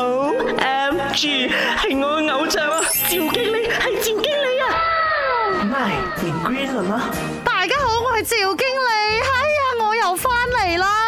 O M G，係我嘅偶像啊！趙經理，係趙經理啊！My green 啦，大家好，我係趙經理，哎呀，我又返嚟啦！